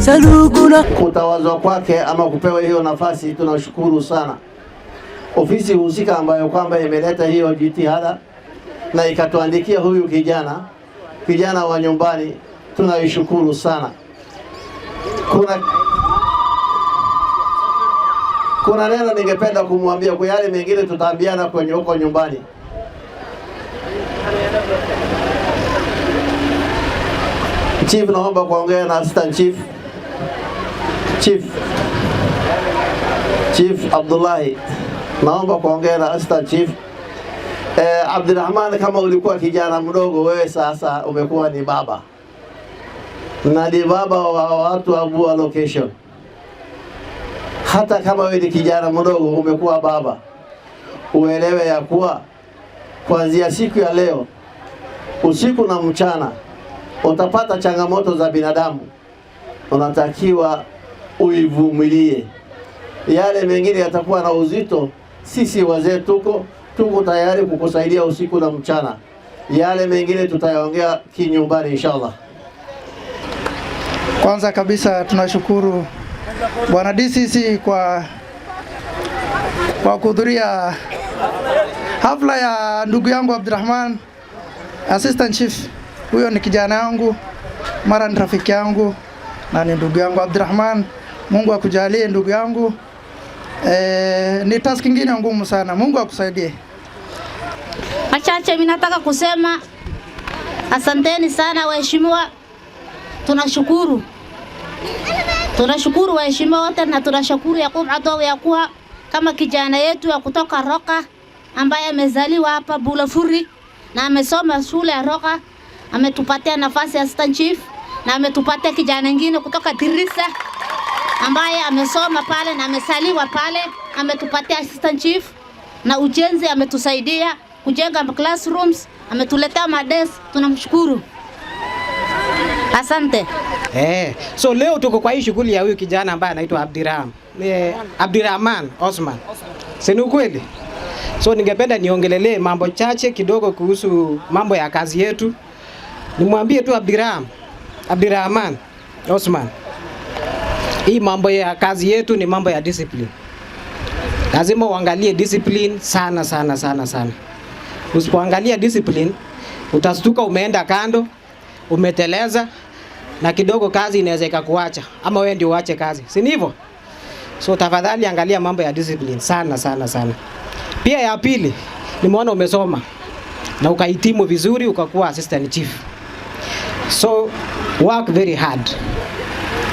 Saluguna. Kutawazwa kwake ama kupewa hiyo nafasi tunashukuru sana ofisi husika ambayo kwamba imeleta hiyo jitihada na ikatuandikia huyu kijana kijana wa nyumbani, tunaishukuru sana. Kuna, kuna neno ningependa kumwambia kwa yale mengine tutaambiana kwenye huko nyumbani. Chief, naomba kuongea na assistant chief. Chief. Chief Abdullahi, naomba kuongea na assistant chief. Eh, Abdulrahman, kama ulikuwa kijana mdogo, wewe sasa umekuwa ni baba na ni baba wa watu wa Bua location. Hata kama wewe ni kijana mdogo, umekuwa baba, uelewe ya kuwa kuanzia siku ya leo usiku na mchana utapata changamoto za binadamu, unatakiwa uivumilie. Yale mengine yatakuwa na uzito. Sisi wazee tuko tuko tayari kukusaidia usiku na mchana. Yale mengine tutayaongea kinyumbani inshallah. Kwanza kabisa tunashukuru Bwana DCC kwa kwa kuhudhuria hafla ya ndugu yangu Abdurrahman Assistant Chief huyo ni kijana yangu, mara ni rafiki yangu na ni ndugu yangu Abdurrahman. Mungu akujalie ndugu yangu. E, ni task nyingine ngumu sana. Mungu akusaidie. Machache mimi nataka kusema asanteni sana waheshimiwa, tunashukuru tunashukuru waheshimiwa wote na tunashukuru Yakub Adow ya kuwa kama kijana yetu ya kutoka Roka ambaye amezaliwa hapa Bulafuri na amesoma shule ya Roka ametupatia nafasi ya assistant chief na ametupatia kijana mwingine kutoka Tirisa ambaye amesoma pale na amesaliwa pale, ametupatia assistant chief na ujenzi, ametusaidia kujenga classrooms, ametuletea mades, tunamshukuru. Asante. Eh, so leo tuko kwa hii shughuli ya huyu kijana ambaye anaitwa Abdirahman. Eh, Abdirahman Osman. Si ni ukweli? So ningependa niongelelee mambo chache kidogo kuhusu mambo ya kazi yetu nimwambie tu Abdirahman, Abdirahman Osman, hii mambo ya kazi yetu ni mambo ya discipline. Lazima uangalie discipline sana sana sana sana. Usipoangalia discipline, utastuka umeenda kando, umeteleza na kidogo kazi inaweza ikakuacha, ama wewe ndio uache kazi, si ndivyo? So tafadhali angalia mambo ya discipline sana sana sana. Pia ya pili, nimeona umesoma na ukahitimu vizuri ukakuwa assistant chief. So work very hard.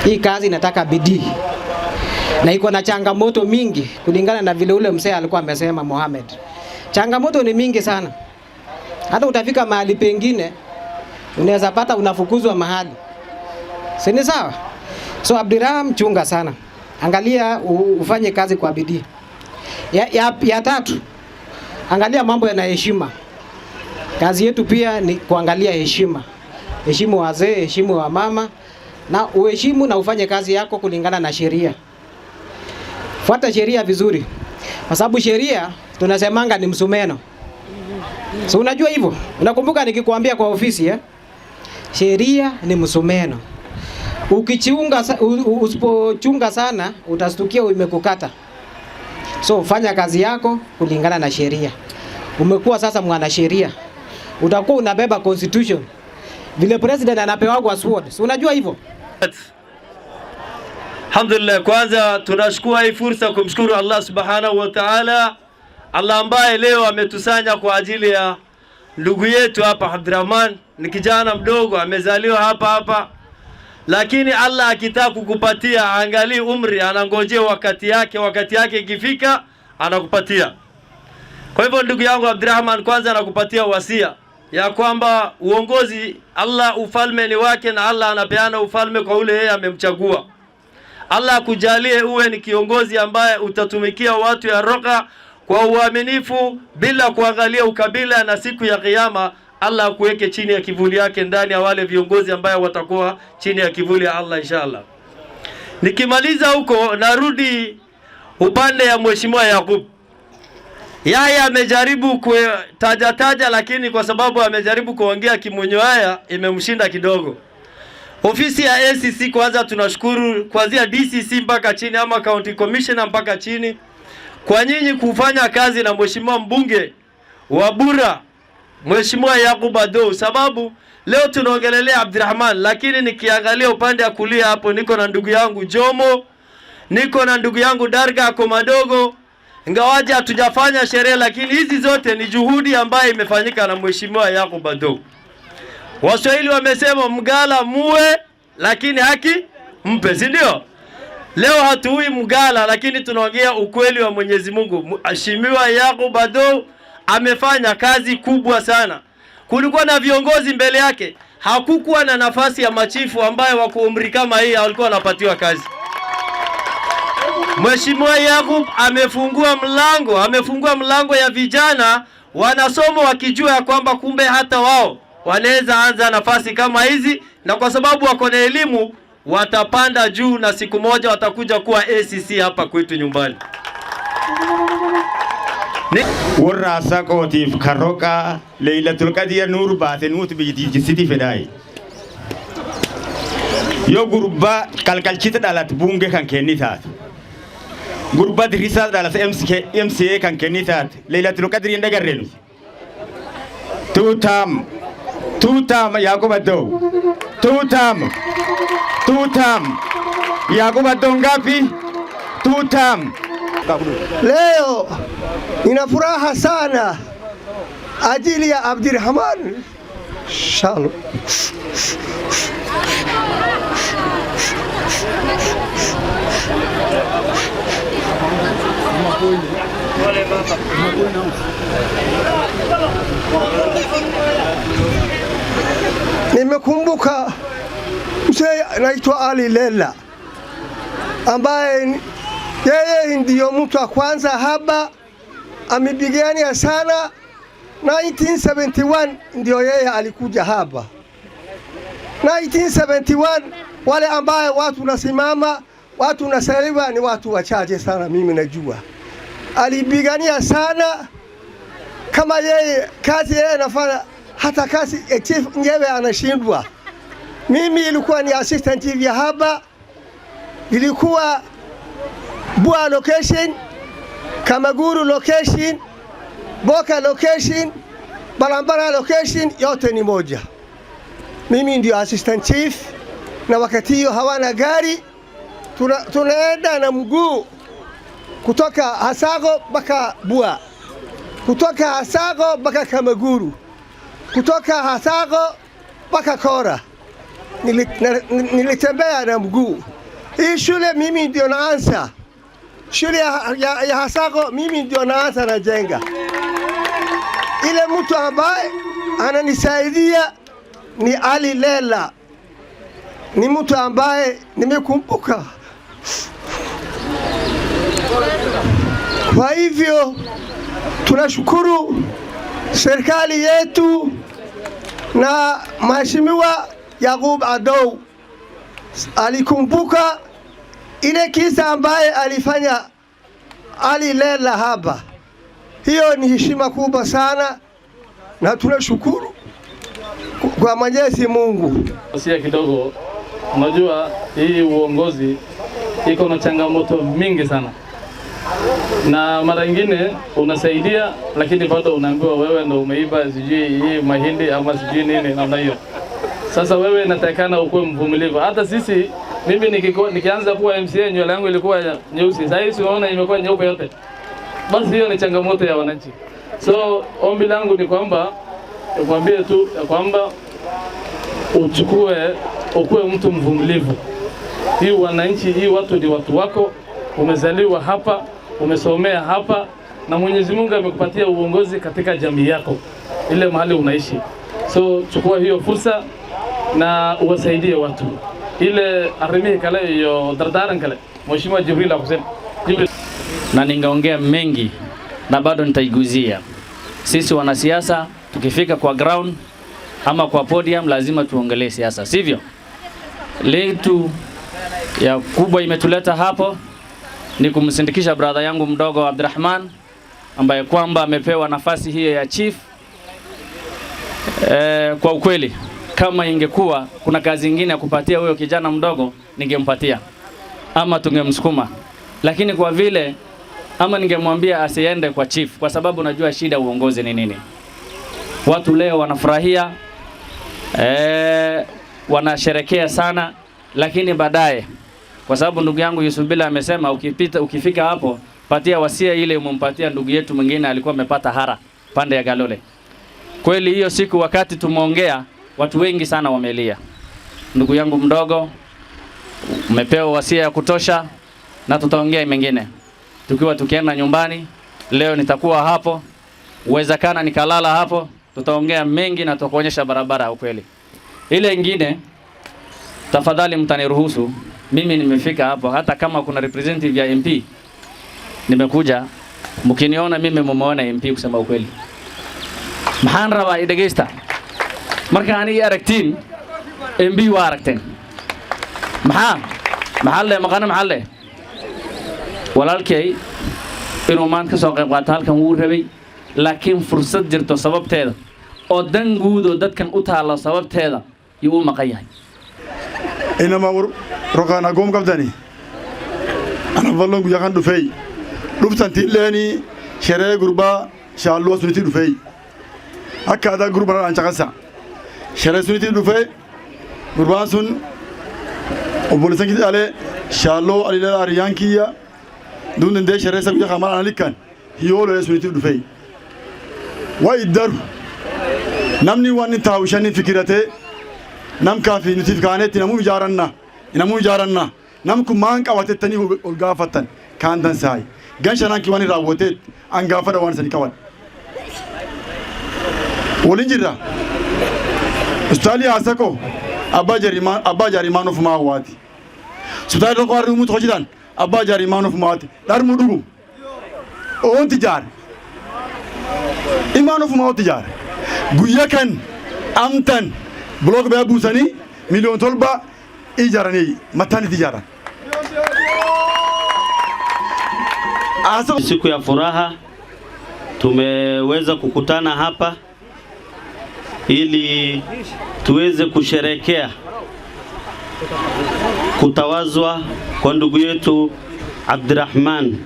Hii kazi inataka bidii na iko na changamoto mingi, kulingana na vile ule msee alikuwa amesema Mohamed. Changamoto ni mingi sana, hata utafika mahali pengine unaweza pata unafukuzwa mahali, si ni sawa? So Abdiraham, chunga sana, angalia ufanye kazi kwa bidii. Ya, ya, ya tatu, angalia mambo yana heshima. Kazi yetu pia ni kuangalia heshima heshimu wazee, heshimu wa mama na uheshimu na ufanye kazi yako kulingana na sheria. Fuata sheria vizuri, kwa sababu sheria tunasemanga ni msumeno. So unajua hivyo, unakumbuka nikikwambia kwa ofisi eh? Sheria ni msumeno, ukichunga usipochunga sana utastukia imekukata. So fanya kazi yako kulingana na sheria. Umekuwa sasa mwanasheria, utakuwa unabeba constitution vile president anapewagwa sword, si unajua hivyo. Alhamdulillah, kwanza tunashukua hii fursa kumshukuru Allah subhanahu wa ta'ala, Allah ambaye leo ametusanya kwa ajili ya ndugu yetu hapa Abdurrahman. Ni kijana mdogo amezaliwa hapa hapa, lakini Allah akitaka kukupatia angalii umri, anangojea wakati yake. Wakati yake ikifika, anakupatia. Kwa hivyo ndugu yangu Abdurrahman, kwanza anakupatia wasia ya kwamba uongozi Allah ufalme ni wake, na Allah anapeana ufalme kwa ule yeye amemchagua. Allah akujalie uwe ni kiongozi ambaye utatumikia watu ya roka kwa uaminifu bila kuangalia ukabila, na siku ya Kiyama Allah akuweke chini ya kivuli yake ndani ya wale viongozi ambao watakuwa chini ya kivuli ya Allah inshallah. Nikimaliza huko narudi upande ya Mheshimiwa Yakub. Yeye amejaribu kutaja taja, lakini kwa sababu amejaribu kuongea kimwenye haya imemshinda kidogo. Ofisi ya ACC kwanza, tunashukuru kuanzia DCC mpaka chini ama county commissioner mpaka chini, kwa nyinyi kufanya kazi na mheshimiwa mbunge wa Bura Mheshimiwa Yakub ado sababu leo tunaongelelea Abdirahman, lakini nikiangalia upande wa kulia hapo niko na ndugu yangu Jomo, niko na ndugu yangu Darga Komadogo Ingawaje hatujafanya sherehe, lakini hizi zote ni juhudi ambayo imefanyika na mheshimiwa Yakub Bado. Waswahili wamesema mgala muwe, lakini haki mpe, si ndio? Leo hatuui mgala, lakini tunaongea ukweli wa Mwenyezi Mungu. Mheshimiwa Yakub Bado amefanya kazi kubwa sana. Kulikuwa na viongozi mbele yake, hakukuwa na nafasi ya machifu ambaye wa kuumri kama hii alikuwa anapatiwa kazi. Mheshimiwa Yakub amefungua mlango, amefungua mlango ya vijana wanasoma wakijua ya kwamba kumbe hata wao wanaweza anza nafasi kama hizi, na kwa sababu wako na elimu watapanda juu na siku moja watakuja kuwa ACC hapa kwetu nyumbani. warra sakootiif karroqa leylatul qadiya nuur baate nuuti biyyattiitti fedai yo gurba kalkalchita dalat bunge kan kenni gurbat risal dalas mca kan kennitaat leylatul qadri hin dagarreenu tuutaam tuutaam yaaqub addow tuutaam tuutaam yaaqub addow ngapi tuutaam leo ina furaha sana ajili ya abdirahman shalo Nimekumbuka mzee anaitwa Ali Lela ambaye yeye ndiyo mtu wa kwanza hapa, amepigania sana. 1971 ndiyo yeye alikuja hapa 1971. Wale ambaye watu nasimama watu nasaliwa ni watu wachache sana, mimi najua alipigania sana kama yeye kazi yeye anafanya hata kazi eh, chief ngewe anashindwa. Mimi ilikuwa ni assistant hivi hapa, ilikuwa Bua location, Kamaguru location, Boka location, Balambara location yote ni moja. Mimi ndio assistant chief, na wakati hiyo hawana gari, tunaenda tuna, na mguu kutoka Hasago mpaka Bua, kutoka Hasago mpaka Kamaguru, kutoka Hasago mpaka Kora. Nilitembea na mguu. Hii shule mimi ndio naanza shule ya, ya, ya Hasago, mimi ndio naanza najenga. Ile mtu ambaye ananisaidia ni Ali Lela, ni mtu ambaye nimekumbuka kwa hivyo tunashukuru serikali yetu na Mheshimiwa Yakub adou alikumbuka ile kisa ambaye alifanya Ali Lela hapa. Hiyo ni heshima kubwa sana na tunashukuru kwa Mwenyezi Mungu. Sia kidogo, unajua hii uongozi iko na changamoto mingi sana na mara nyingine unasaidia, lakini bado unaambiwa wewe ndo umeiba sijui hii mahindi ama sijui nini namna hiyo. Sasa wewe natakana ukuwe mvumilivu. Hata sisi mimi nikiko, nikianza kuwa MCA nywele yangu ilikuwa nyeusi, sasa hivi unaona imekuwa nyeupe yote. Basi hiyo ni changamoto ya wananchi. So ombi langu ni kwamba nikwambie tu ya kwamba uchukue ukuwe mtu mvumilivu. Hii wananchi, hii watu ni watu wako umezaliwa hapa, umesomea hapa, na Mwenyezi Mungu amekupatia uongozi katika jamii yako ile mahali unaishi. So chukua hiyo fursa na uwasaidie watu ile arimihi kale iyo dardaran kale. Mheshimiwa Jibril akusema Jibril, na ningeongea mengi na bado nitaiguzia. Sisi wanasiasa tukifika kwa ground ama kwa podium lazima tuongelee siasa, sivyo? Letu ya kubwa imetuleta hapo ni kumsindikisha brother yangu mdogo Abdurrahman ambaye kwamba amepewa nafasi hiyo ya chief. E, kwa ukweli kama ingekuwa kuna kazi nyingine ya kupatia huyo kijana mdogo ningempatia ama tungemsukuma, lakini kwa vile ama ningemwambia asiende kwa chief, kwa sababu najua shida uongozi ni nini. Watu leo wanafurahia e, wanasherekea sana, lakini baadaye kwa sababu ndugu yangu Yusuf Bila amesema ukipita, ukifika hapo patia wasia ile umempatia ndugu yetu mwingine alikuwa amepata hara pande ya Galole. Kweli hiyo siku wakati tumeongea, watu wengi sana wamelia, ndugu yangu mdogo, umepewa wasia ya kutosha, na tutaongea mengine tukiwa tukienda nyumbani. Leo nitakuwa hapo, uwezekana nikalala hapo, tutaongea mengi na tutakuonyesha barabara ukweli. Ile ingine, tafadhali mtaniruhusu mimi nimefika hapo, hata kama kuna representative ya MP nimekuja, mkiniona mimi mumeona MP kusema ukweli. Maxaan rabaa idhegeysta marka ani ii aragtiin MP waa aragteen maxaa maxalle maqano maxalle walaalkay inuu maanta ka soo qayb qaato halkan wuu rabay laakiin fursad jirto sababteeda oo dan guudoo dadkan u taallo sababteeda yuu u maqan yahay roqaan hagoom qabdani anaan falloon guyyaa kan dhufeey dhuftan tiilleeni sheree gurbaa shaalluwa suniti dhufeey akka adaa gurbaan aan caqasa sheree suniti dhufee gurbaan sun obboleessan kiti dhalee shaalloo aliilaa ariyyaan kiyya duun dandee sheree isa guyyaa kamal ana likkan hiyoo lolee suniti dhufeey waa iddaru namni waan inni taa'u shanni fikiratee nam kaafii nutiif kaaneetti namuu ijaarannaa namuu ijaarannaa namku maan qabatettanii ol gaafattan kaan dansaay gan shanaan kiwani raawwateet an gaafadha waan isanii qaban waliin jirra hospitaali haasako abbaa jaarimaan ofumaa hawwaati hospitaali tokko harri umuutu hojitan abbaa jaarimaan ofumaa hawwaati dharmuu dhugu oonti jaar imaan ofumaa ooti jaar guyya kan amtan bulook baya buusanii miliyoon tolbaa ijaranay matani Siku ya furaha tumeweza kukutana hapa ili tuweze kusherekea kutawazwa kwa ndugu yetu Abdurrahman.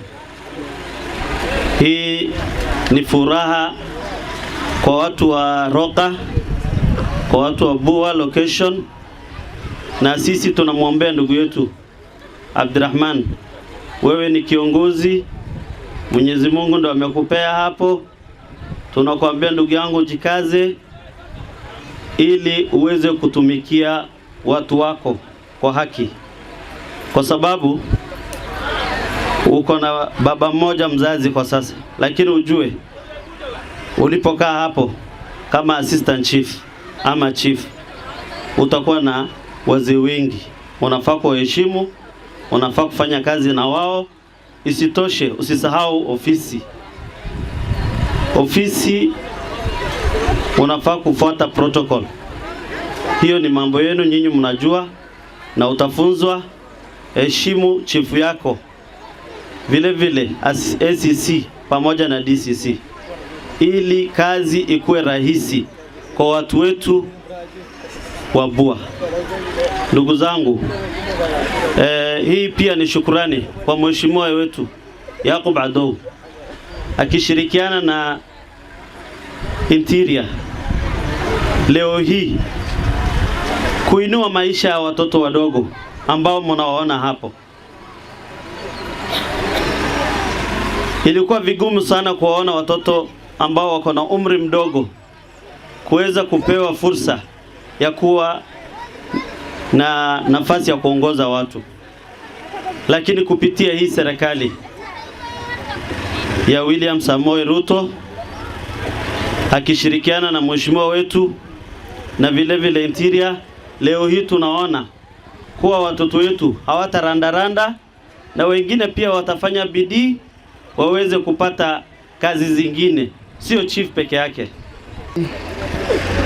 Hii ni furaha kwa watu wa Roka, kwa watu wa Bua location na sisi tunamwombea ndugu yetu Abdurrahman, wewe ni kiongozi, Mwenyezi Mungu ndo amekupea hapo. Tunakuambia ndugu yangu, jikaze ili uweze kutumikia watu wako kwa haki, kwa sababu uko na baba mmoja mzazi kwa sasa, lakini ujue ulipokaa hapo kama assistant chief ama chief utakuwa na wazee wengi, unafaa kuwaheshimu, unafaa kufanya kazi na wao. Isitoshe, usisahau ofisi. Ofisi unafaa kufuata protocol. Hiyo ni mambo yenu nyinyi mnajua na utafunzwa. Heshimu chifu yako vile vile ACC pamoja na DCC ili kazi ikuwe rahisi kwa watu wetu wa Bua. Ndugu zangu, eh, hii pia ni shukurani kwa mheshimiwa wetu Yakub Adou akishirikiana na Interior leo hii kuinua maisha ya watoto wadogo ambao mnawaona hapo. Ilikuwa vigumu sana kuwaona watoto ambao wako na umri mdogo kuweza kupewa fursa ya kuwa na nafasi ya kuongoza watu, lakini kupitia hii serikali ya William Samoei Ruto akishirikiana na mheshimiwa wetu na vile vile interior, leo hii tunaona kuwa watoto wetu hawatarandaranda na wengine pia watafanya bidii waweze kupata kazi zingine, sio chief peke yake.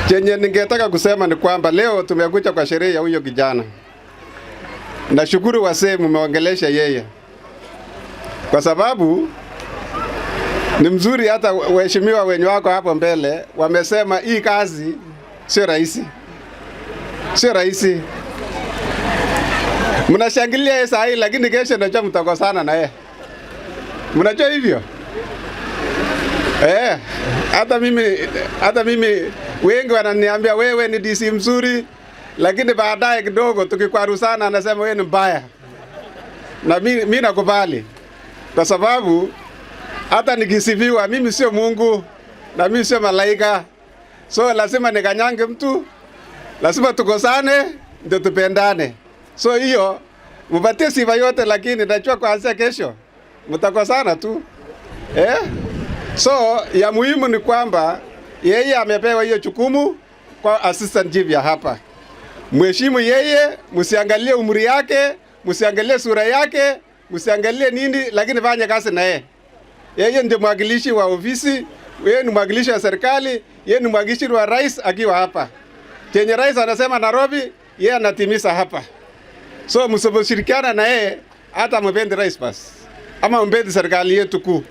Chenye ningetaka kusema ni kwamba leo tumekuja kwa sherehe ya huyo kijana. Nashukuru wasee, mmeongelesha yeye kwa sababu ni mzuri. Hata waheshimiwa wenye wako hapo mbele wamesema hii kazi sio rahisi, sio rahisi. Mnashangilia yeye saa hii, lakini kesho najua mtakosana na yeye. Mnajua hivyo eh? Hata mimi hata mimi wengi wananiambia wewe ni DC mzuri, lakini baadaye kidogo tukikwarusana, anasema wewe ni mbaya, na mimi nakubali, kwa sababu hata nikisifiwa, mimi sio Mungu na mimi sio malaika, so lazima nikanyange mtu, lazima tukosane ndio tupendane. So hiyo mupatie sifa yote, lakini najua kuanzia kesho mtakosana tu eh? So ya muhimu ni kwamba yeye amepewa hiyo chukumu kwa assistant chief ya hapa. Mheshimu yeye, msiangalie umri yake, msiangalie sura yake, msiangalie nini, lakini fanya kazi na yeye. Yeye mwakilishi wa ofisi, yeye ni mwakilishi wa serikali, yeye ni mwakilishi wa rais akiwa hapa. Chenye rais anasema Nairobi, yeye anatimiza hapa. So msiposhirikiana na yeye hata mpende rais basi ama mpende serikali yetu kuu.